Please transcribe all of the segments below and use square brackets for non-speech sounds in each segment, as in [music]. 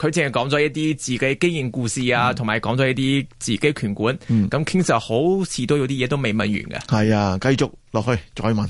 佢淨係講咗一啲自己經驗故事啊，同埋講咗一啲自己拳館。咁其實好似都有啲嘢都未問完嘅。係啊，繼續落去再問。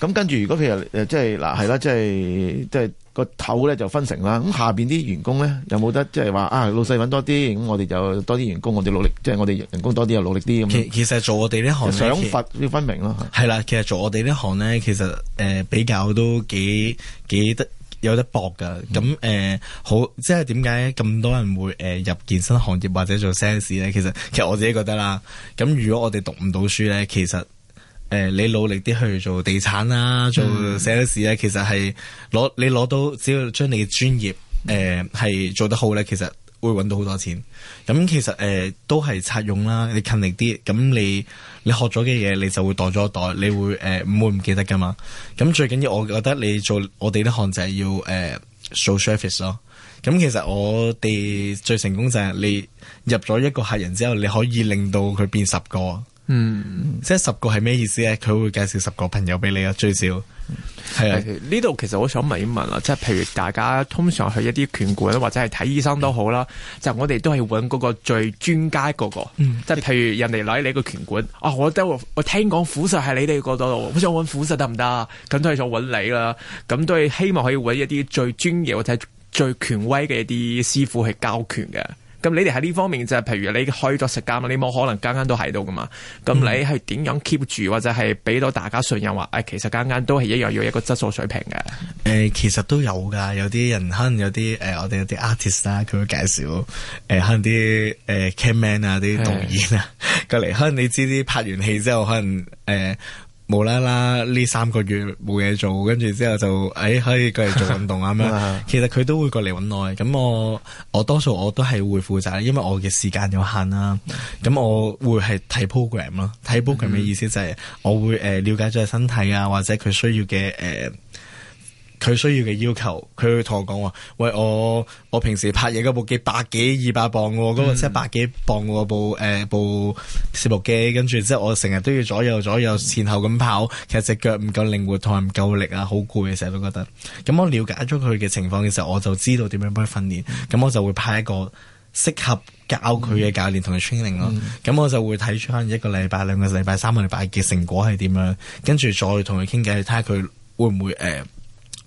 咁跟住如果譬如誒，即係嗱係啦，即係即係個頭咧就分成啦。咁下邊啲員工咧有冇得即係話啊老細揾多啲？咁我哋就多啲員工，我哋努力，即係我哋人工多啲又努力啲咁。其其實做我哋呢行，想法要分明咯。係啦，其實做我哋呢行咧，其實誒比較都幾幾得有得搏噶，咁誒、呃、好，即係點解咁多人會誒、呃、入健身行業或者做 sales 咧？其實其實我自己覺得啦，咁如果我哋讀唔到書咧，其實誒、呃、你努力啲去做地產啦，做 sales 咧，嗯、其實係攞你攞到，只要將你嘅專業誒係、呃、做得好咧，其實。會揾到好多錢，咁其實誒、呃、都係擦用啦，你勤力啲，咁你你學咗嘅嘢，你就會袋咗袋，你會誒唔、呃、會唔記得㗎嘛？咁最緊要，我覺得你做我哋呢行就係要誒、呃、做 service 咯。咁其實我哋最成功就係你入咗一個客人之後，你可以令到佢變十個。嗯，即係十個係咩意思咧？佢會介紹十個朋友俾你啊，最少係啊。呢度、嗯、是的 其實我想問一問啦，即係譬如大家通常去一啲拳館或者係睇醫生都好啦，就我哋都係揾嗰個最專家嗰個。嗯、即係譬如人哋嚟你個拳館，啊，我都我聽講虎實係你哋嗰度，好想揾虎實得唔得？咁都係想揾你啦，咁都係希望可以揾一啲最專業或者最權威嘅一啲師傅去教拳嘅。咁你哋喺呢方面就係，譬如你開咗食監，你冇可能間間都喺度噶嘛。咁你係點樣 keep 住，或者係俾到大家信任話，誒、哎，其實間間都係一樣要一個質素水平嘅。誒、呃，其實都有噶，有啲人可能有啲，誒、呃，我哋有啲 artist 啊，佢會介紹，誒、呃，可能啲，誒，camman 啊，啲導演啊，佢嚟，可能你知啲，拍完戲之後，可能，誒、呃。無啦啦呢三個月冇嘢做，跟住之後就誒、哎、可以過嚟做運動咁樣。 [laughs] 其實佢都會過嚟揾我，咁我我多數我都係會負責，因為我嘅時間有限啦。咁我會係睇 program 咯，睇 program 嘅意思就係我會誒、呃、了解咗身體啊，或者佢需要嘅誒。呃佢需要嘅要求，佢會同我講話，喂，我我平時拍嘢嗰部機百幾二百磅，嗰、嗯、個即係百幾磅嗰部誒、呃、部攝錄機，跟住之後我成日都要左右左右前後咁跑，嗯、其實隻腳唔夠靈活，同埋唔夠力啊，好攰啊，成日都覺得。咁我了解咗佢嘅情況嘅時候，我就知道點樣幫佢訓練。咁、嗯、我就會派一個適合教佢嘅教練同佢 training 咯。咁、嗯嗯、我就會睇出一個禮拜、兩個禮拜、三個禮拜嘅成果係點樣，跟住再同佢傾偈，睇下佢會唔會誒。呃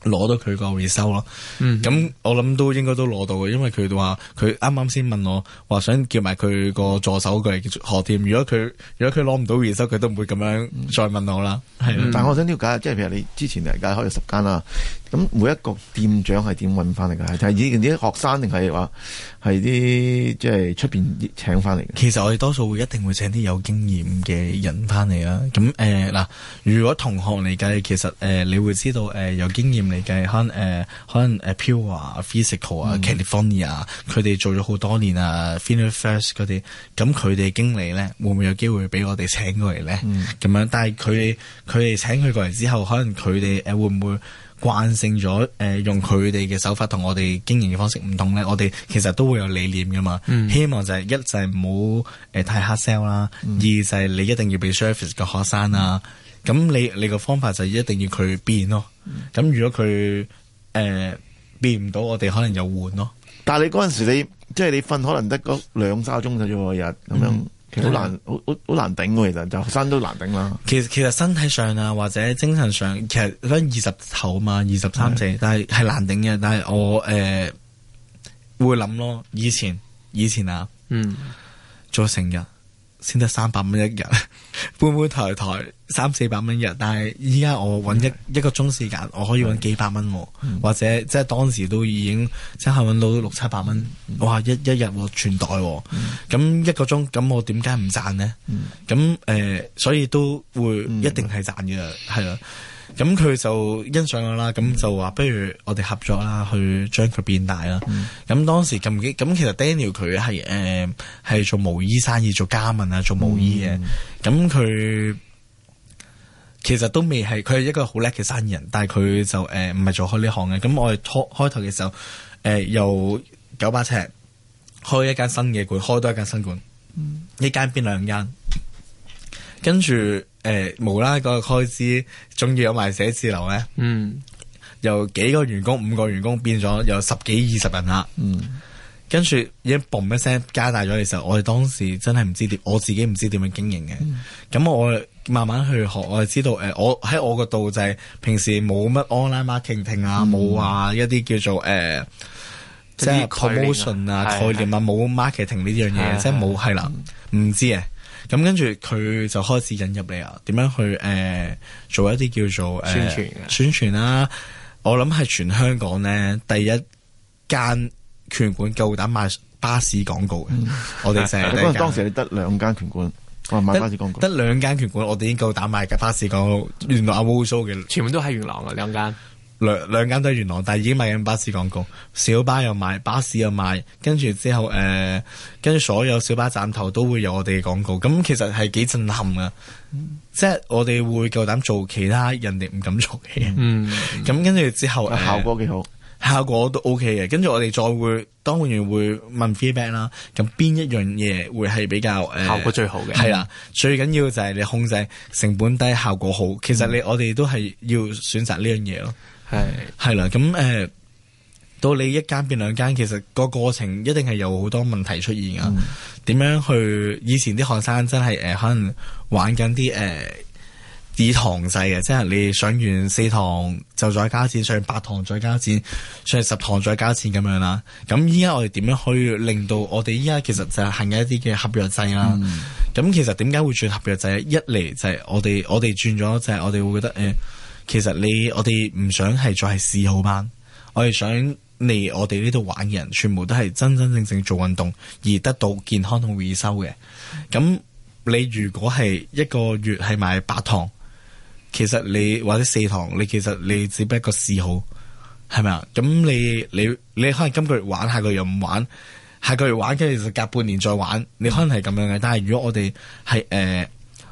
攞到佢個回收咯，咁、嗯、哼我諗都應該都攞到嘅，因為佢話佢啱啱先問我話想叫埋佢個助手過嚟學添，如果佢如果佢攞唔到回收，佢都唔會咁樣再問我啦。係，但係我想了解，即係譬如你之前嚟解開咗十間啦。咁每一個店長係點搵翻嚟噶？係以前啲學生定係話係啲即係出邊請翻嚟？其實我哋多數會一定會請啲有經驗嘅人翻嚟啦。咁誒嗱，如果同學嚟計，其實誒、呃、你會知道誒、呃、有經驗嚟計，可能誒、呃、可能誒、啊、Pure Physical 啊、嗯、California，佢哋做咗好多年啊 Fitness First 嗰啲，咁佢哋經理咧會唔會有機會俾我哋請過嚟咧？咁、嗯、樣，但係佢佢哋請佢過嚟之後，可能佢哋誒會唔會？慣性咗誒、呃，用佢哋嘅手法同我哋經營嘅方式唔同咧，我哋其實都會有理念噶嘛。嗯、希望就係、是、一就係唔好誒太 hard sell 啦，嗯、二就係你一定要俾 service 個學生啊。咁你你個方法就一定要佢變咯。咁、嗯、如果佢誒、呃、變唔到，我哋可能又換咯。但係你嗰陣時你即係、就是、你瞓可能得嗰兩三個鐘嘅啫喎，日咁、嗯、樣。其實好難，好好好難頂喎、啊！其實就學生都難頂啦、啊。其實其實身體上啊，或者精神上，其實喺二十頭嘛，二十三四，但係係難頂嘅。但係我誒會諗咯，以前以前啊，嗯，做成日先得三百蚊一日，搬搬抬抬。三四百蚊一日，但係依家我搵一一個鐘時間，我可以搵幾百蚊，或者即係當時都已經即係搵到六七百蚊，哇一一日全袋，咁一個鐘，咁我點解唔賺呢？咁誒，所以都會一定係賺嘅，係啦。咁佢就欣賞我啦，咁就話不如我哋合作啦，去將佢變大啦。咁當時咁幾，咁其實 Daniel 佢係誒係做毛衣生意，做加文啊，做毛衣嘅，咁佢。其實都未係，佢係一個好叻嘅生意人，但係佢就誒唔係做開呢行嘅。咁我哋開開頭嘅時候，誒由九百尺開一間新嘅館，開多一間新館，嗯、一間變兩間，跟住誒、呃、無啦嗰個開支，仲要有埋寫字樓咧。嗯，由幾個員工五個員工變咗有十幾二十人啦。嗯，跟住已經嘣一聲加大咗嘅時候，我哋當時真係唔知點，我自己唔知點樣經營嘅。咁、嗯、我。慢慢去學，我就知道誒，我喺我個度就係平時冇乜 online marketing 啊，冇話一啲叫做誒，即係 promotion 啊概念啊，冇 marketing 呢樣嘢，即係冇係啦，唔知啊。咁跟住佢就開始引入你啊，點樣去誒做一啲叫做誒宣傳嘅宣傳啦。我諗係全香港咧第一間拳館夠膽賣巴士廣告嘅，我哋成日。不過當時你得兩間拳館。得兩間拳館，我哋已經夠膽買嘅巴士廣告。原來阿烏蘇嘅，全部都喺元朗嘅。兩間兩兩間都喺元朗，但係已經買緊巴士廣告，小巴又買，巴士又買，跟住之後誒，跟、呃、住所有小巴站頭都會有我哋嘅廣告。咁其實係幾震撼噶，嗯、即係我哋會夠膽做其他人哋唔敢做嘅嘢。嗯，咁跟住之後效果幾好。效果都 OK 嘅，跟住我哋再會，當會員會問 feedback 啦。咁邊一樣嘢會係比較誒、呃、效果最好嘅？係啦，最緊要就係你控制成本低，效果好。其實你、嗯、我哋都係要選擇呢樣嘢咯。係係啦，咁誒、呃、到你一間變兩間，其實個過程一定係有好多問題出現㗎。點、嗯、樣去？以前啲學生真係誒、呃，可能玩緊啲誒。呃以堂制嘅，即、就、係、是、你上完四堂就再加錢，上八堂再加錢，上十堂再加錢咁樣啦。咁依家我哋點樣去令到我哋依家其實就係行緊一啲嘅合約制啦？咁、嗯、其實點解會轉合約制？一嚟就係我哋我哋轉咗，就係我哋會覺得誒、呃，其實你我哋唔想係再係四號班，我哋想嚟我哋呢度玩嘅人全部都係真真正正，正做運動而得到健康同回收嘅。咁、嗯、你如果係一個月係買八堂？其實你或者四堂，你其實你只不過試好，係咪啊？咁你你你可能今個月玩下個月又唔玩，下個月玩，跟住就隔半年再玩，你可能係咁樣嘅。但係如果我哋係誒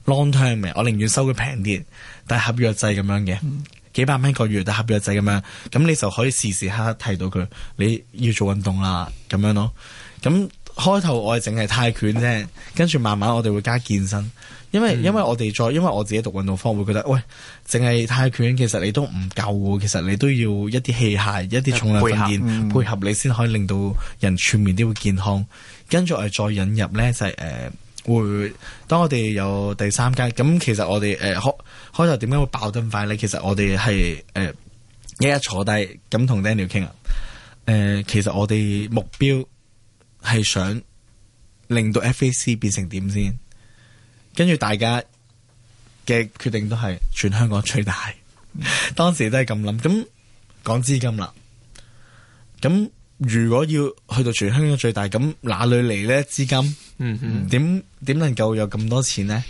long term 嘅，我寧願收佢平啲，但係合約制咁樣嘅，嗯、幾百蚊一個月，但係合約制咁樣，咁你就可以時時刻刻提到佢你要做運動啦，咁樣咯，咁。開頭我係淨係泰拳啫，跟住慢慢我哋會加健身，因為、嗯、因為我哋再因為我自己讀運動科會覺得，喂，淨係泰拳其實你都唔夠嘅，其實你都要一啲器械、一啲重量訓練配、嗯、配合你先可以令到人全面啲會健康。跟住我哋再引入呢，就係、是、誒、呃，會、會當我哋有第三階咁，其實我哋誒、呃、開開頭點解會爆得咁快呢？其實我哋係誒一日坐低咁同 Daniel 傾啊。誒、呃，其實我哋目標，係想令到 FAC 變成點先，跟住大家嘅決定都係全香港最大。 [laughs] 當時都係咁諗，咁講資金啦。咁如果要去到全香港最大，咁哪裏嚟呢資金？嗯，點哼點能夠有咁多錢呢？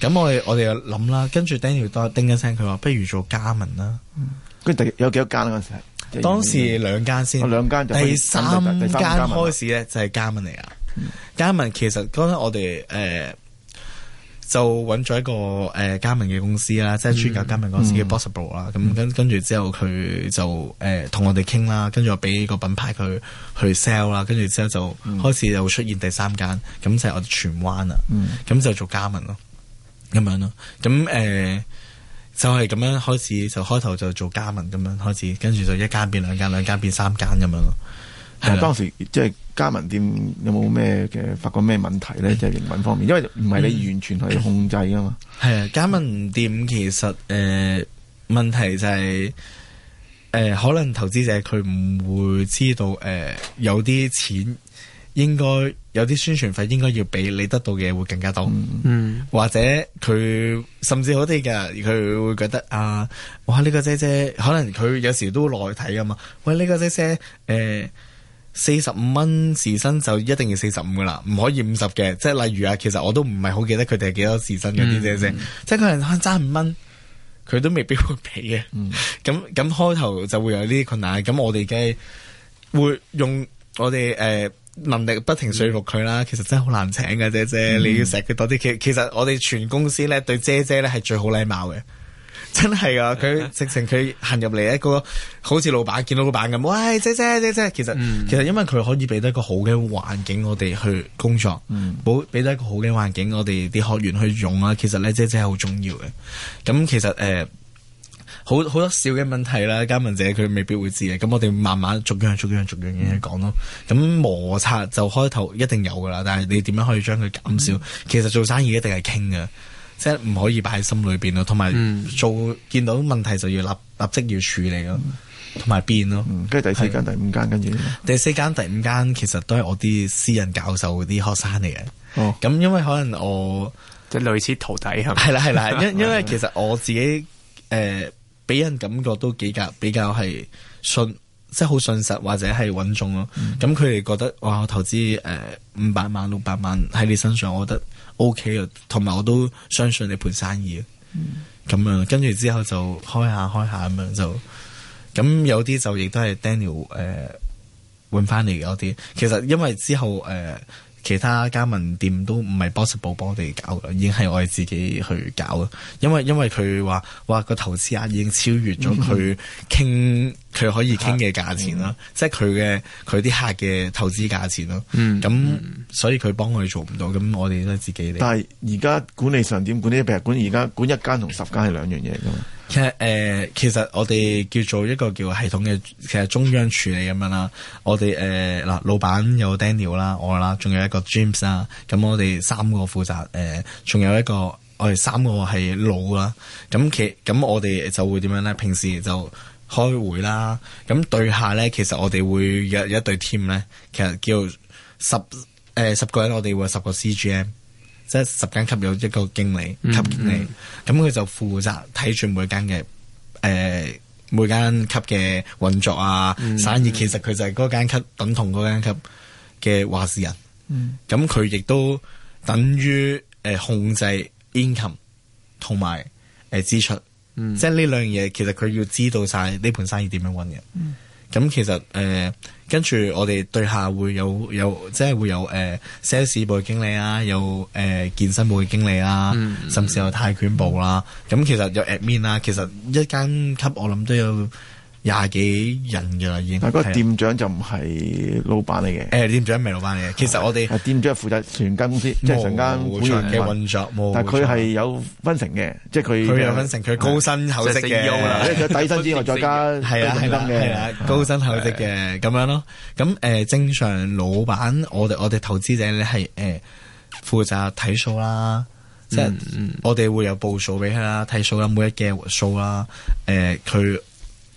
咁我哋我哋又諗啦，跟住等 a n 多叮一聲，佢話不如做加盟啦。跟住、嗯、有幾多間嗰陣時？當時兩間先，間第三間開始咧就係加盟嚟啊。加盟、嗯、其實嗰陣我哋誒、呃、就揾咗一個誒加盟嘅公司啦，即係專搞加盟公司嘅 Possible 啦。咁跟跟住之後佢就誒同我哋傾啦，跟住我俾個品牌佢去，去 sell 啦。跟住之後就開始又出現第三間，咁、嗯、就係我哋荃灣啦。咁、嗯、就做加盟咯，咁樣咯。咁誒。呃就係咁樣開始就開頭就做加盟咁樣開始，跟住就一間變兩間，兩間變三間咁樣咯。係、嗯啊、當時即係加盟店有冇咩嘅發覺咩問題咧？即係營運方面，因為唔係你完全可以控制噶嘛。係、嗯嗯、啊，加盟店其實誒、呃、問題就係、是、誒、呃、可能投資者佢唔會知道誒、呃、有啲錢應該。有啲宣傳費應該要比你得到嘅會更加多，嗯、或者佢甚至好啲嘅佢會覺得啊，哇呢、呢個姐姐，可能佢有時都內睇啊嘛，喂呢、呢個姐姐誒四十五蚊時薪就一定要四十五噶啦，唔可以五十嘅，即係例如啊，其實我都唔係好記得佢哋係幾多時薪嗰啲姐姐，嗯、即係可能差五蚊，佢都未必會俾嘅，咁咁、嗯、開頭就會有啲困難，咁我哋梗係會用我哋誒。呃能力不停說服佢啦，其實姐姐真係、嗯、好難請㗎姐姐，你要錫佢多啲。其其實我哋全公司咧對姐姐咧係最好禮貌嘅，真係啊。佢直情佢行入嚟一個好似老闆見到老闆咁，喂姐姐姐姐。其實、嗯、其實因為佢可以俾到一個好嘅環境我哋去工作，保俾到一個好嘅環境我哋啲學員去用啊。其實咧姐姐係好重要嘅，咁其實誒。呃好好多小嘅問題啦，加盟者佢未必會知嘅，咁我哋慢慢逐樣逐樣逐樣嘢講咯。咁摩、嗯、擦就開頭一定有噶啦，但係你點樣可以將佢減少？嗯、其實做生意一定係傾嘅，即係唔可以擺喺心裏邊咯。同埋做、嗯、見到問題就要立立即要處理咯，同埋、嗯、變咯。跟住第四間、第五間，跟住第四間、第五間其實都係我啲私人教授嗰啲學生嚟嘅。咁、哦、因為可能我即係類似徒弟係咪？係啦係啦，因因為其實我自己誒。呃俾人感覺都幾格比較係信，即係好信實或者係穩重咯。咁佢哋覺得哇，我投資誒五百萬六百萬喺你身上，我覺得 OK 啊，同埋我都相信你盤生意啊。嗯，咁樣跟住之後就開下開下咁樣就，咁有啲就亦都係 Daniel 誒揾翻嚟嘅。有啲其實因為之後誒。呃其他加盟店都唔係波士堡幫我哋搞嘅，已經係我哋自己去搞啦。因為因為佢話話個投資額已經超越咗佢傾佢可以傾嘅價錢啦，嗯、即係佢嘅佢啲客嘅投資價錢啦。咁所以佢幫我哋做唔到，咁我哋都係自己嚟。但係而家管理上點管呢？譬如管而家管一間同十間係兩樣嘢㗎嘛。其實誒，其實我哋叫做一個叫系統嘅，其實中央處理咁樣啦。我哋誒嗱，老闆有 Daniel 啦，我啦，仲有一個 James 啦。咁我哋三個負責誒，仲有一個我哋三個係老啦。咁其咁我哋就會點樣咧？平時就開會啦。咁對下咧，其實我哋會有一隊 team 咧，其實叫十誒十個人，我哋會有十個 CGM。即係十間級有一個經理，嗯、級經理咁佢、嗯、就負責睇住每間嘅，誒、呃、每間級嘅運作啊、嗯、生意。嗯、其實佢就係嗰間級等同嗰間級嘅話事人。咁佢亦都等於誒、呃、控制 income 同埋誒支出。嗯、即係呢兩樣嘢，其實佢要知道晒呢盤生意點樣搵嘅。嗯咁其實誒跟住我哋對下會有有即係會有誒 sales、呃、部嘅經理啊，有誒、呃、健身部嘅經理啦，嗯嗯、甚至有泰拳部啦。咁、啊、其實有 admin 啦，其實一間級我諗都有。廿幾人㗎啦，已經。嗱，嗰個店長就唔係老闆嚟嘅。誒，店長唔係老闆嚟嘅。其實我哋，店長係負責全間公司，即係成間會場嘅運作。但佢係有分成嘅，即係佢佢有分成，佢高薪厚職嘅，即係佢底薪之外再加係啊，係高薪厚職嘅咁樣咯。咁誒，正常老闆，我哋我哋投資者咧係誒負責睇數啦，即係我哋會有報數俾佢啦，睇數啦，每一嘅數啦，誒佢。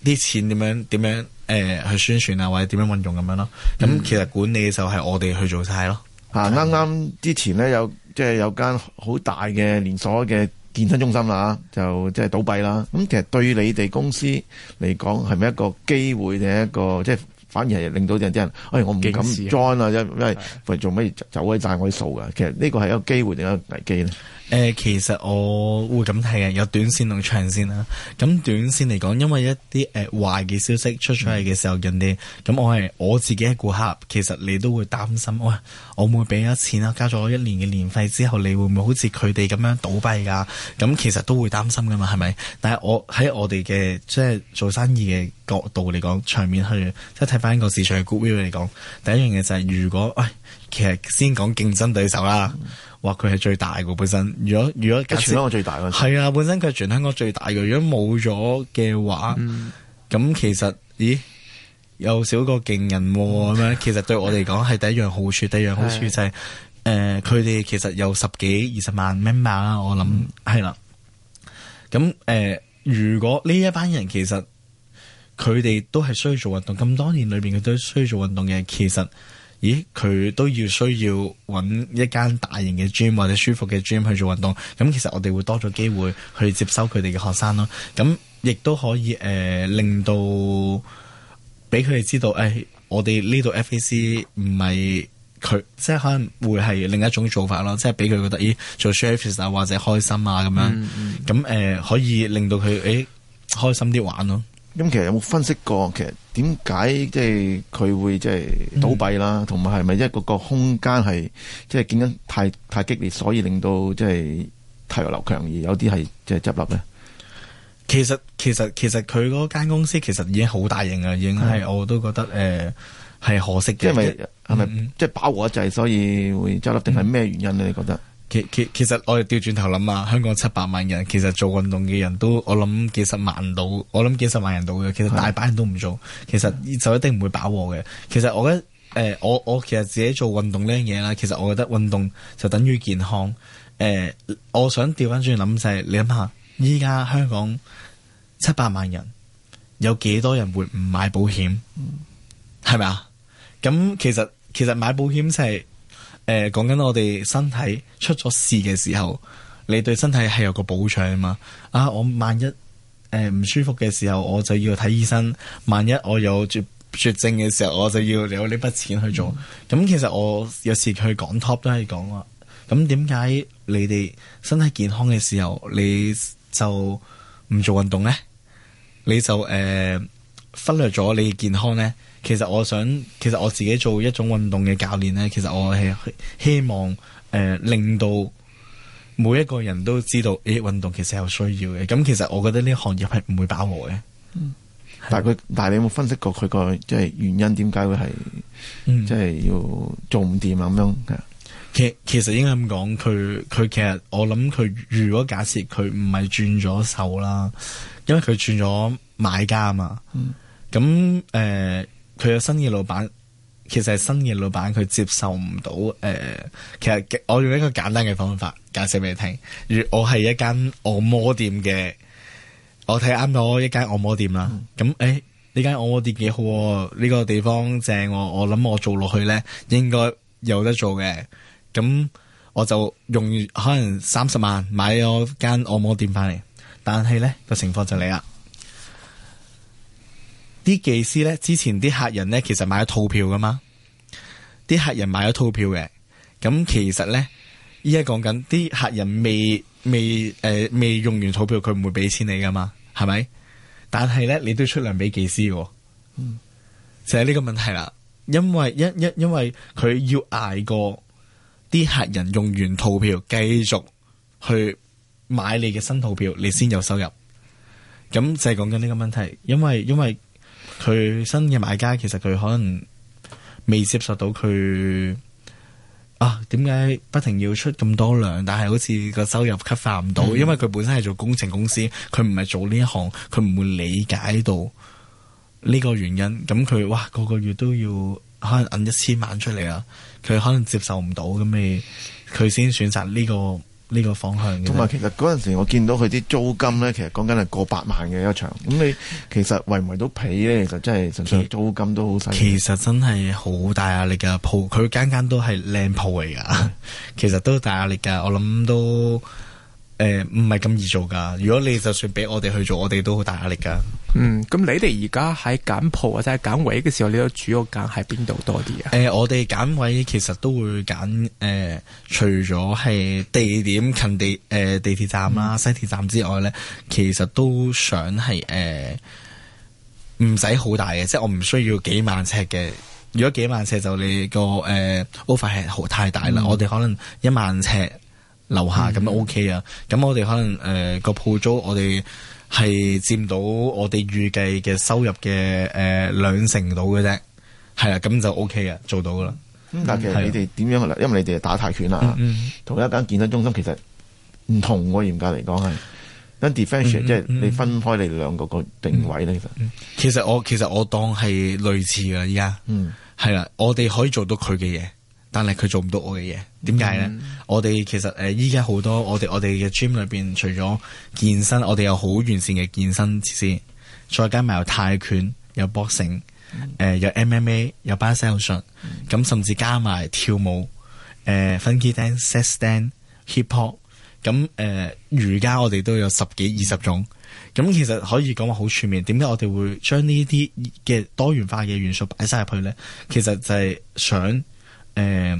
啲錢點樣點樣誒、呃、去宣傳啊或者點樣運用咁樣咯咁、嗯、其實管理嘅時候係我哋去做晒咯。吓，啱啱之前咧有即係、就是、有間好大嘅連鎖嘅健身中心啦、啊、就即係倒閉啦，咁其實對你哋公司嚟講係咪一個機會定一個即係？就是反而係令到有啲人，哎，我唔敢 join 啊，因、啊、為為做咩走鬼債鬼數噶。其實個一個機機呢個係有機會定一個危機咧？誒、呃，其實我會咁睇嘅，有短線同長線啦。咁短線嚟講，因為一啲誒壞嘅消息出出嚟嘅時候，人哋咁我係我自己嘅顧客，其實你都會擔心，喂，我會唔會俾咗錢啦、啊？交咗一年嘅年費之後，你會唔會好似佢哋咁樣倒閉噶、啊？咁其實都會擔心噶嘛，係咪？但係我喺我哋嘅即係做生意嘅。角度嚟講，場面去即係睇翻個市場嘅 global view 嚟講，第一樣嘢就係、是、如果喂，其實先講競爭對手啦，哇佢係最大個本身。如果如果佢全香港最大嘅，係啊，本身佢全香港最大嘅。如果冇咗嘅話，咁、嗯、其實咦又少個勁人咁、啊、樣。嗯、其實對我嚟講係第一樣好處，啊、第二樣好處就係、是、誒，佢、呃、哋其實有十幾二十萬 member 啦，我諗係啦。咁誒、啊嗯嗯，如果呢一班人其實，佢哋都係需要做運動，咁多年裏邊佢都需要做運動嘅。其實，咦，佢都要需要揾一間大型嘅 gym 或者舒服嘅 gym 去做運動。咁其實我哋會多咗機會去接收佢哋嘅學生咯。咁亦都可以誒、呃、令到俾佢哋知道，誒，我哋呢度 FAC 唔係佢，即係可能會係另一種做法咯。即係俾佢覺得，咦，做 service 啊或者開心啊咁樣，咁誒、嗯嗯呃、可以令到佢誒開心啲玩咯。咁其實有冇分析過？其實點解即係佢會即係倒閉啦？同埋係咪一個個空間係即係競爭太太激烈，所以令到即係汰弱留強而有啲係即係執笠咧？其實其實其實佢嗰間公司其實已經好大型啊，已經係、嗯、我都覺得誒係、呃、可惜嘅，因為係咪即係飽、嗯、和一滯，所以會執笠？定係咩原因咧？你覺得？其其其實我哋調轉頭諗下，香港七百萬人，其實做運動嘅人都我諗幾十萬到，我諗幾十萬人到嘅，其實大把人都唔做，的其實就一定唔會飽和嘅。其實我覺得，誒、呃，我我其實自己做運動呢樣嘢啦，其實我覺得運動就等於健康。誒、呃，我想調翻轉諗就係，你諗下，依家香港七百萬人，有幾多人會唔買保險？係咪啊？咁其實其實買保險係、就係。誒，講緊我哋身體出咗事嘅時候，你對身體係有個保障啊嘛！啊，我萬一誒唔、呃、舒服嘅時候，我就要睇醫生；萬一我有絕絕症嘅時候，我就要有呢筆錢去做。咁、嗯、其實我有時去講 top 都係講啊。咁點解你哋身體健康嘅時候，你就唔做運動呢？你就誒、呃、忽略咗你嘅健康呢？其實我想，其實我自己做一種運動嘅教練咧，其實我係希望誒、呃、令到每一個人都知道，呢啲運動其實係有需要嘅。咁其實我覺得呢行業係唔會飽和嘅、嗯係。但係佢，但係你有冇分析過佢個即係原因？點解會係，嗯，即係要做唔掂啊咁樣嘅？其其實應該咁講，佢佢其實我諗佢如果假設佢唔係轉咗手啦，因為佢轉咗買家啊嘛。嗯，咁誒。呃佢嘅新嘅老闆，其實係新嘅老闆，佢接受唔到。誒、呃，其實我用一個簡單嘅方法解釋俾你聽。如我係一間按摩店嘅，我睇啱咗一間按摩店啦。咁誒、嗯，呢間、欸、按摩店幾好，啊！呢、呢個地方正，啊，我我諗我做落去咧，應該有得做嘅。咁我就用可能三十萬買咗間按摩店翻嚟，但係咧個情況就嚟啦。啲技師呢，之前啲客人呢，其實買咗套票噶嘛，啲客人買咗套票嘅，咁其實呢，依家講緊啲客人未未誒、呃、未用完套票，佢唔會俾錢你噶嘛，係咪？但係呢，你都出糧俾技師嘅，嗯，就係呢個問題啦。因為因因因為佢要捱過啲客人用完套票，繼續去買你嘅新套票，你先有收入。咁就係講緊呢個問題，因為因為。佢新嘅買家其實佢可能未接受到佢啊？點解不停要出咁多糧，但係好似個收入吸收唔到，嗯、因為佢本身係做工程公司，佢唔係做呢一行，佢唔會理解到呢個原因。咁佢哇，個個月都要可能搵一千萬出嚟啊！佢可能接受唔到，咁咪佢先選擇呢、這個。呢個方向嘅，同埋其實嗰陣時我見到佢啲租金咧， [laughs] 其實講緊係過百萬嘅一場。咁你其實維唔維到皮咧，就真係其實租金都好犀利。其實真係好大壓力嘅鋪，佢間間都係靚鋪嚟㗎， [laughs] [laughs] 其實都大壓力㗎。我諗都。誒，唔係咁易做噶。如果你就算俾我哋去做，我哋都好大壓力噶。嗯，咁你哋而家喺揀鋪或者係揀位嘅時候，你都主要揀喺邊度多啲啊？誒、呃，我哋揀位其實都會揀誒、呃，除咗係地點近地誒、呃、地鐵站啦、啊、嗯、西鐵站之外咧，其實都想係誒，唔使好大嘅，即、就、係、是、我唔需要幾萬尺嘅。如果幾萬尺就你個誒 overhead 係好太大啦，嗯、我哋可能一萬尺。樓下咁都、嗯、OK 啊，咁我哋可能誒、呃那個鋪租我哋係佔到我哋預計嘅收入嘅誒兩成到嘅啫，係啦、啊，咁就 OK 啊，做到噶啦。嗯、但係其實你哋點樣啊？因為你哋係打泰拳啊，嗯嗯、同一間健身中心其實唔同喎、啊，嚴格嚟講講係。Differentiate 即係你分開你兩個個定位咧。嗯嗯、其實。其實我其實我當係類似嘅而家，嗯係啦、啊，我哋可以做到佢嘅嘢。但係佢做唔到我嘅嘢，點解咧？我哋其實誒，依家好多我哋我哋嘅 gym 裏邊，除咗健身，我哋有好完善嘅健身設施，再加埋有泰拳、有 boxing，誒、嗯呃，有 MMA、有 bass 巴西柔術，咁甚至加埋跳舞，誒，funky dance、step dance、hip hop，咁誒、呃，瑜伽我哋都有十幾二十種，咁、嗯、其實可以講話好全面。點解我哋會將呢啲嘅多元化嘅元素擺晒入去咧？其實就係想。誒、呃，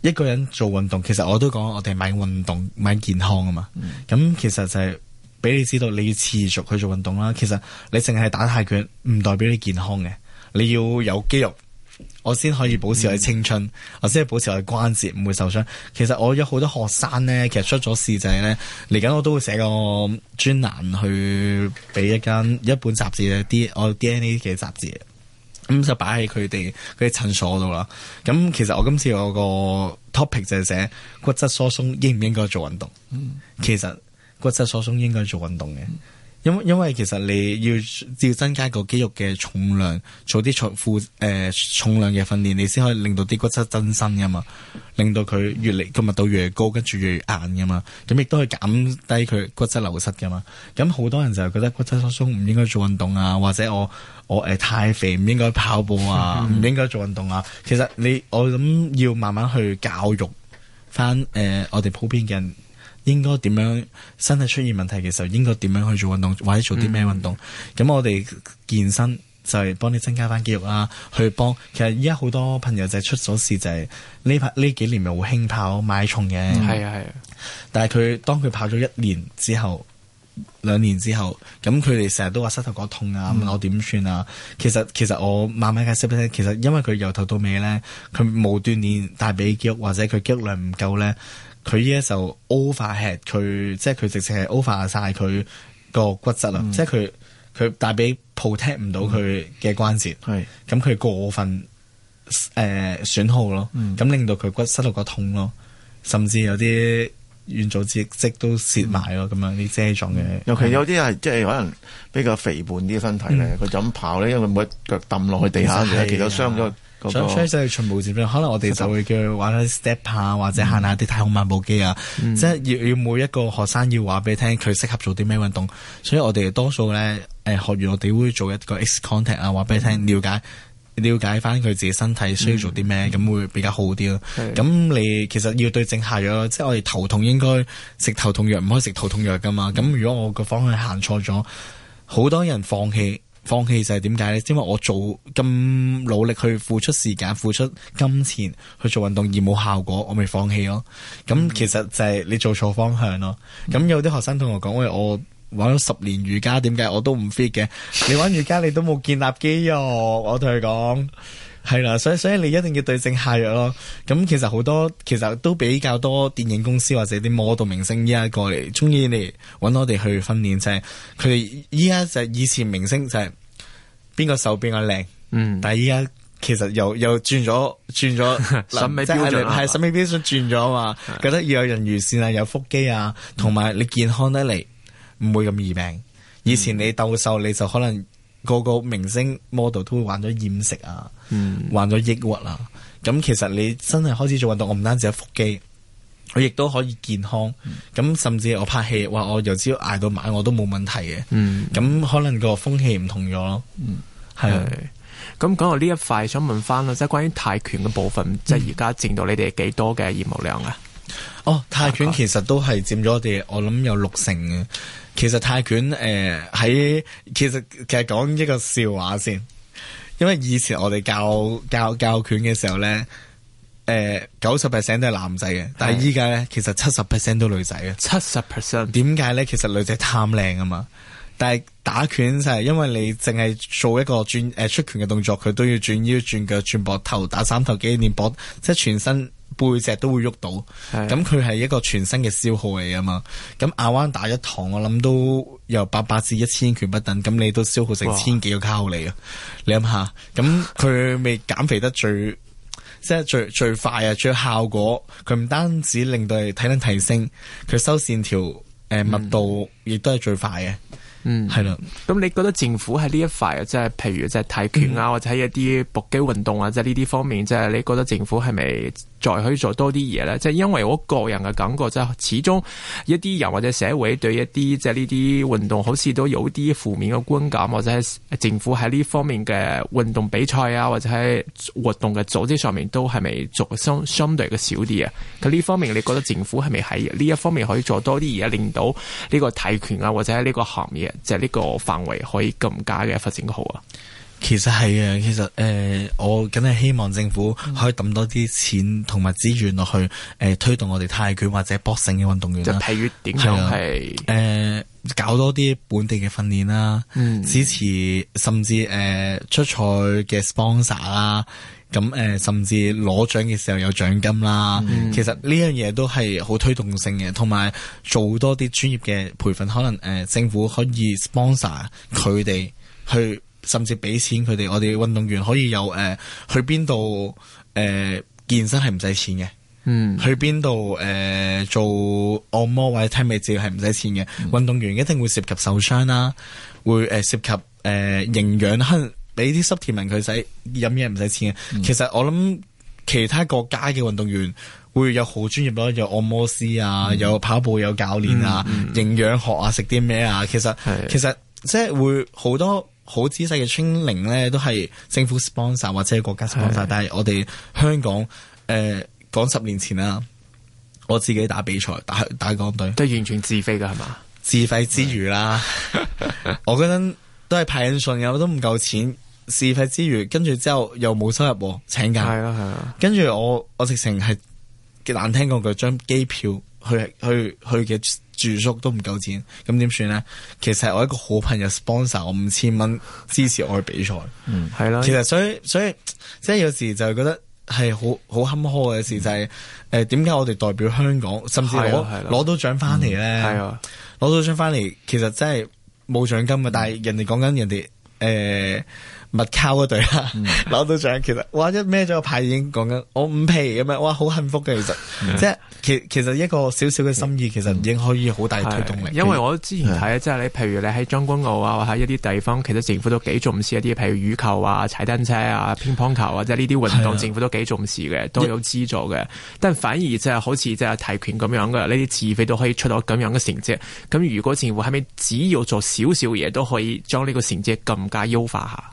一個人做運動，其實我都講，我哋買運動買健康啊嘛。咁、嗯、其實就係俾你知道，你要持續去做運動啦。其實你淨係打太拳，唔代表你健康嘅。你要有肌肉，我先可以保持我嘅青春，嗯、我先可以保持我嘅關節唔會受傷。其實我有好多學生呢，其實出咗事就係呢。嚟緊，我都會寫個專欄去俾一間一本雜誌嘅 D 我 DNA 嘅雜誌。咁就擺喺佢哋嗰啲診所度啦。咁其實我今次有個 topic 就係寫骨質疏鬆應唔應該做運動。嗯嗯、其實骨質疏鬆應該做運動嘅。嗯因因為其實你要要增加個肌肉嘅重量，做啲重負誒重量嘅訓練，你先可以令到啲骨質增生噶嘛，令到佢越嚟個密度越嚟高，跟住越,越硬噶嘛，咁亦都可以減低佢骨質流失噶嘛。咁好多人就係覺得骨質疏鬆唔應該做運動啊，或者我我誒、呃、太肥唔應該跑步啊，唔應該做運動啊。 [laughs] 其實你我諗要慢慢去教育翻誒、呃、我哋普遍嘅人。應該點樣身體出現問題嘅時候，應該點樣去做運動或者做啲咩運動？咁、嗯、我哋健身就係幫你增加返肌肉啦，去幫其實依家好多朋友就係出咗事就係呢排呢幾年咪又興跑馬重嘅，係啊係啊。但係佢當佢跑咗一年之後、兩年之後，咁佢哋成日都話膝頭哥痛啊，問我點算啊？嗯、其實其實我慢慢解釋俾你聽，其實因為佢由頭到尾咧，佢冇鍛鍊大髀肌肉或者佢肌肉量唔夠咧。佢依家就 overhead，佢即係佢直接係 over 晒佢個骨質啦，嗯、即係佢大髀 protect 唔到佢嘅關節，咁佢、嗯、過分誒、呃、損耗咯，咁、嗯、令到佢骨質失落個痛咯，甚至有啲軟組織都蝕埋咯，咁樣啲遮狀嘅。尤其有啲係、嗯、即係可能比較肥胖啲身體咧，佢就咁跑咧，因為每一腳揼落去地下其實其傷咗。想出就係循步節可能我哋就會叫佢玩下 step 啊、嗯，或者行下啲太空漫步機啊。嗯、即係要要每一個學生要話俾你聽佢適合做啲咩運動。所以我哋多數咧，誒學完我哋會做一個 x contact 啊，話俾你聽了解了解翻佢自己身體需要做啲咩，咁、嗯、會比較好啲咯。咁是你其實要對症下藥咯，即係我哋頭痛應該食頭痛藥，唔可以食頭痛藥噶嘛。咁、嗯、如果我個方向行錯咗，好多人放棄。放棄就係點解呢？因為我做咁努力去付出時間、付出金錢去做運動而冇效果，我咪放棄咯。咁其實就係你做錯方向咯。咁有啲學生同我講：喂，我玩咗十年瑜伽，點解我都唔 fit 嘅？ [laughs] 你玩瑜伽你都冇建立肌肉，我同佢講。係啦，所以所以你一定要對症下藥咯。咁其實好多，其實都比較多電影公司或者啲 model 明星依家過嚟，中意你，搵我哋去訓練，就佢哋依家就以前明星就係邊個瘦邊個靚，嗯，但係依家其實又又轉咗轉咗審美標準，係審美標準轉咗嘛， [laughs] 覺得要有人魚線啊，有腹肌啊，同埋你健康得嚟，唔會咁易病。以前你鬥瘦你就可能。個個明星 model 都會患咗厭食啊，患咗、嗯、抑鬱啊。咁其實你真係開始做運動，我唔單止有腹肌，我亦都可以健康。咁、嗯、甚至我拍戲，話，我由朝挨到晚，我都冇問題嘅。咁、嗯、可能個風氣唔同咗咯。係、嗯。咁講是到呢一塊，想問翻啦，即係關於泰拳嘅部分，即係而家佔到你哋幾多嘅業務量啊？哦，泰拳其實都係佔咗我哋，我諗有六成嘅。其實泰拳誒喺、呃，其實其實講一個笑話先。因為以前我哋教教教拳嘅時候咧，誒九十 percent 都係男仔嘅，但係依家咧其實七十 percent 都女仔嘅。七十 percent 點解咧？其實女仔貪靚啊嘛，但係打拳就係因為你淨係做一個轉誒、呃、出拳嘅動作，佢都要轉腰、轉腳、轉膊頭、打三頭肌、練膊，即係全身。背脊都會喐到，咁佢係一個全新嘅消耗嚟啊嘛。咁亞灣打一堂，我諗都由八百至一千拳不等，咁你都消耗成千哇幾個卡路里啊。你諗下，咁佢未減肥得最， [laughs] 即係最最快啊！最效果，佢唔單止令到你體能提升，佢收線條誒、呃、密度亦都係最快嘅。嗯。嗯，係啦的。咁你覺得政府喺呢一塊，啊，即係譬如即係泰拳啊，或者一啲搏擊運動啊，即係呢啲方面，即係你覺得政府係咪再可以做多啲嘢咧？即係因為我個人嘅感覺，即係始終一啲人或者社會對一啲即係呢啲運動，好似都有啲負面嘅觀感，或者係政府喺呢方面嘅運動比賽啊，或者喺活動嘅組織上面，都係咪做相相對嘅少啲啊？佢呢方面，你覺得政府係咪喺呢一方面可以做多啲嘢，令到呢個泰拳啊，或者喺呢個行業？就係呢個範圍可以更加嘅發展好啊！其實係嘅，其實誒，我梗係希望政府可以抌多啲錢同埋資源落去誒、呃，推動我哋泰拳或者搏繩嘅運動員，就譬如點樣係誒、呃，搞多啲本地嘅訓練啦，嗯、支持甚至誒、呃、出賽嘅 sponsor 啦。咁誒，甚至攞獎嘅時候有獎金啦。Mm hmm. 其實呢樣嘢都係好推動性嘅，同埋做多啲專業嘅培訓，可能誒、呃、政府可以 sponsor 佢哋去，甚至俾錢佢哋。我哋運動員可以有誒、呃、去邊度誒健身係唔使錢嘅，嗯、mm，hmm. 去邊度誒做按摩或者體美照係唔使錢嘅。Mm hmm. 運動員一定會涉及受傷啦，會誒涉及誒、呃、營養。Mm hmm. 俾啲濕田民佢使飲嘢唔使錢嘅。嗯、其實我諗其他國家嘅運動員會有好專業咯，有按摩師啊，有跑步，有教練啊，嗯嗯營養學啊，食啲咩啊。其實是的 其實即係會好多好仔細嘅 training 咧，都係政府 sponsor 或者國家 sponsor。是的 但係我哋香港誒、呃、講十年前啦，我自己打比賽打打港隊，都係完全自費嘅係嘛？自費之餘啦，是的 [laughs] 我嗰陣都係派緊信有都唔夠錢。事費之餘，跟住之後又冇收入，請假，係啦係啦。跟住我，我直情係極難聽過佢將機票去去去嘅住宿都唔夠錢，咁點算呢？其實我一個好朋友 sponsor 我五千蚊支持我去比賽，嗯的，係啦。其實所以所以，所以，就是，即係有時就係覺得係好好坎坷嘅事，就係誒點解我哋代表香港，甚至攞攞到獎翻嚟呢，係啦，攞到獎翻嚟，其實真係冇獎金嘅。但係人哋講緊人哋誒。物靠嗰隊攞到獎其實，哇一孭咗個牌已經講緊，我五皮咁樣，哇好幸福嘅其實，即係、嗯、其其實一個小小嘅心意，嗯、其實已經可以好大推動力。因為我之前睇，即係、嗯、你譬如你喺將軍澳啊，或喺一啲地方，其實政府都幾重視一啲，譬如羽球啊、踩單車啊、乒乓球啊，即係呢啲運動，政府都幾重視嘅，啊、都有資助嘅。一但反而即、就、係、是、好似即係泰拳咁樣嘅，呢啲自費都可以出到咁樣嘅成績。咁如果政府係咪只要做少少嘢，都可以將呢個成績更加優化下。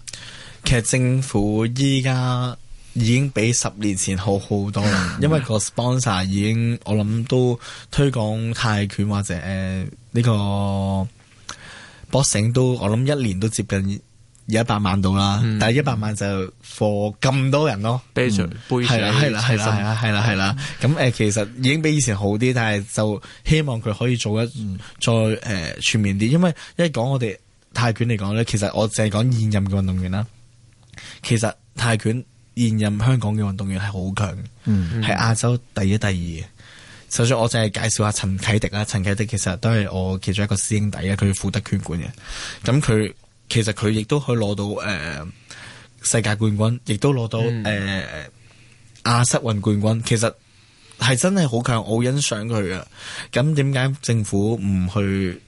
其實政府依家已經比十年前好好多，因為個 sponsor 已經我諗都推廣泰拳或者誒呢、呃這個 boxing 都我諗一年都接近有一百萬度啦，嗯、但係一百萬就 for 咁多人咯。杯水杯水係啦係啦係啦係啦係啦，咁誒、嗯呃、其實已經比以前好啲，但係就希望佢可以做一、嗯、再誒、呃、全面啲，因為一講我哋泰拳嚟講咧，其實我淨係講現任嘅運動員啦。其實泰拳現任香港嘅運動員係好強嘅，係亞、嗯嗯、洲第一、第二嘅。首先，我淨係介紹下陳啟迪啦。陳啟迪其實都係我其中一個師兄弟嘅，佢富德拳館嘅。咁佢、嗯、其實佢亦都可以攞到誒、呃、世界冠軍，亦都攞到誒亞室運冠軍。其實係真係好強，我好欣賞佢啊。咁點解政府唔去？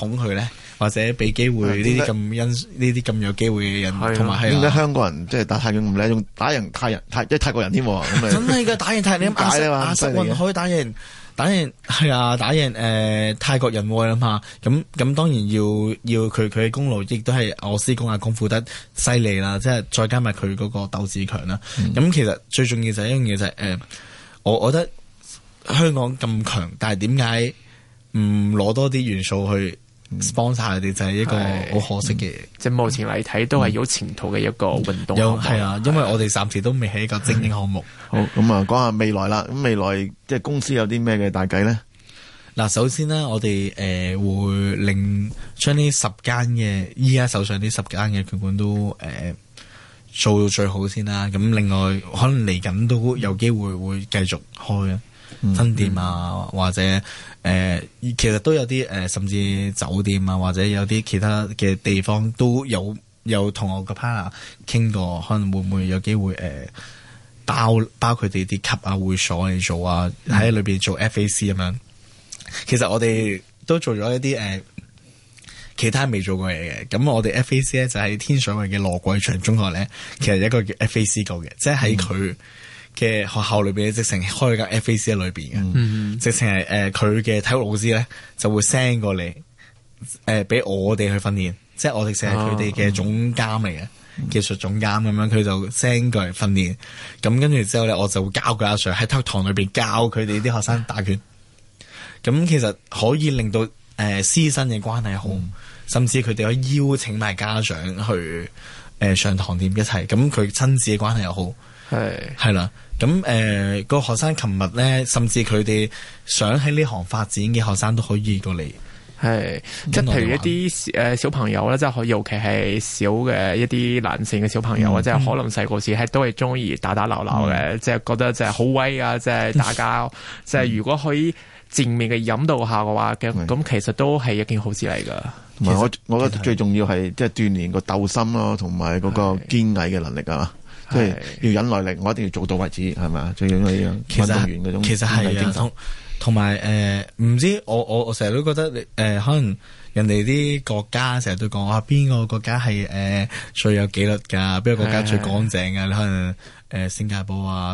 捧佢咧，或者俾機會呢啲咁欣呢啲咁有機會嘅人，同埋係點解香港人即係、就是、打泰拳唔叻，仲打贏泰人泰即係泰國人添喎？咁 [laughs] 真係嘅打贏泰人，你諗亞亞瑟雲打贏、啊、打贏係啊，打贏誒、呃、泰國人喎？你諗下，咁、嗯、咁當然要要佢佢嘅功勞，亦都係我施工啊，功夫得犀利啦，即係再加埋佢嗰個鬥志強啦。咁其實最重要就係一樣嘢就係誒，我、呃、我覺得香港咁強，但係點解唔攞多啲元素去？sponsor 晒你哋就係一個好可惜嘅，即、嗯、係情、嗯、目前嚟睇都係有前途嘅一個運動，係有吧啊，因為我哋暫時都未係一個精英項目。 [laughs] 好咁啊，講、嗯、下未來啦。咁未來即係公司有啲咩嘅大計咧？嗱，首先呢，我哋誒會令將呢十間嘅依家手上呢十間嘅拳館都誒、呃、做到最好先啦。咁另外可能嚟緊都有機會會繼續開啊。分店啊，嗯嗯、或者誒、呃，其實都有啲誒、呃，甚至酒店啊，或者有啲其他嘅地方都有有同我個 partner 傾過，可能會唔會有機會誒、呃、包包佢哋啲級啊會所嚟做啊，喺裏邊做 FAC 咁樣。其實我哋都做咗一啲誒、呃、其他未做過嘢嘅，咁我哋 FAC 咧就喺、是、天水圍嘅羅桂祥中學咧，其實一個叫 FAC 做嘅，嗯、即係喺佢。嘅學校裏邊，間裡面嗯、直情開咗間 FAC 喺裏邊嘅，直情係誒佢嘅體育老師咧，就會 send 過嚟，誒、呃、俾我哋去訓練，即係我直情係佢哋嘅總監嚟嘅，啊、技術總監咁樣，佢、嗯、就 send 過嚟訓練，咁跟住之後咧，我就會教佢阿 Sir 喺體育堂裏邊教佢哋啲學生打拳，咁、嗯、其實可以令到誒師、呃、生嘅關係好，嗯、甚至佢哋可以邀請埋家長去誒、呃、上堂點一齊，咁佢親子嘅關係又好。係係啦，咁誒，個學生琴日咧，甚至佢哋想喺呢行發展嘅學生都可以過嚟。係即係，譬如一啲誒小、呃、小朋友咧，即係可尤其係小嘅一啲男性嘅小朋友或者係可能細個時係都係中意打打鬧鬧嘅，即係、嗯、覺得即係好威啊，即係打交，即係、嗯、如果可以正面嘅引導下嘅話，咁咁其實都係一件好事嚟噶。我，我覺得最重要係即係鍛煉個鬥心咯，同埋嗰個堅毅嘅能力啊。即係要忍耐力，我一定要做到為止，係咪啊？最緊要運動員經濟經濟其實係同埋誒，唔、呃、知我我我成日都覺得你誒、呃，可能人哋啲國家成日都講話邊個國家係誒、呃、最有紀律噶？邊個國家最乾淨噶？的你可能誒、呃、新加坡啊。